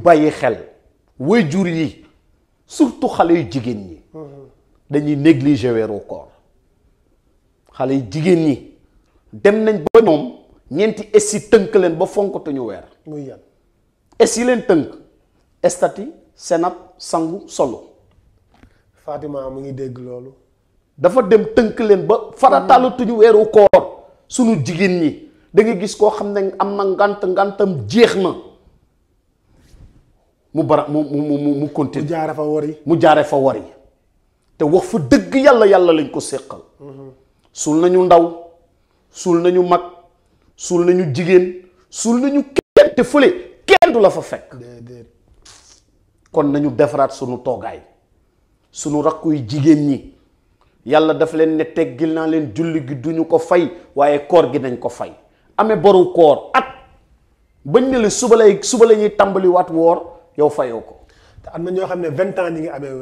bàyyi xel way jur yi surtout xale yu jigéen ñi dañuy négliger weeru koor xale yu jigéen ñi dem nañ ba ñoom ñeenti es yi tënk leen ba fonkatuñu weer muy yan es yi leen tënk estati senap sangu solo Fatima mu ngi dégg loolu dafa dem tënk leen ba farataalatuñu weeru koor sunu jigéen ñi da gis koo xam ne am na ngant ngantam jeex na mu bara mu mu mu mu continue. mu jaare fa wari. mu te wax fu dëgg yàlla yàlla lañ ko séqal. suul nañu ndaw suul nañu mag suul nañu jigéen suul nañu kenn te fële kenn du la fa fekk. kon nañu defaraat sunu toogaay sunu rakkuy jigéen ñi yàlla daf leen ne teggil naa leen julli gi duñu ko fay waaye koor gi nañ ko fay. amee boru koor at bañ ne la suba lay suba la tàmbaliwaat woor. yow fayoo ko. te am na ñoo xam ne vingt ans ñi ngi amee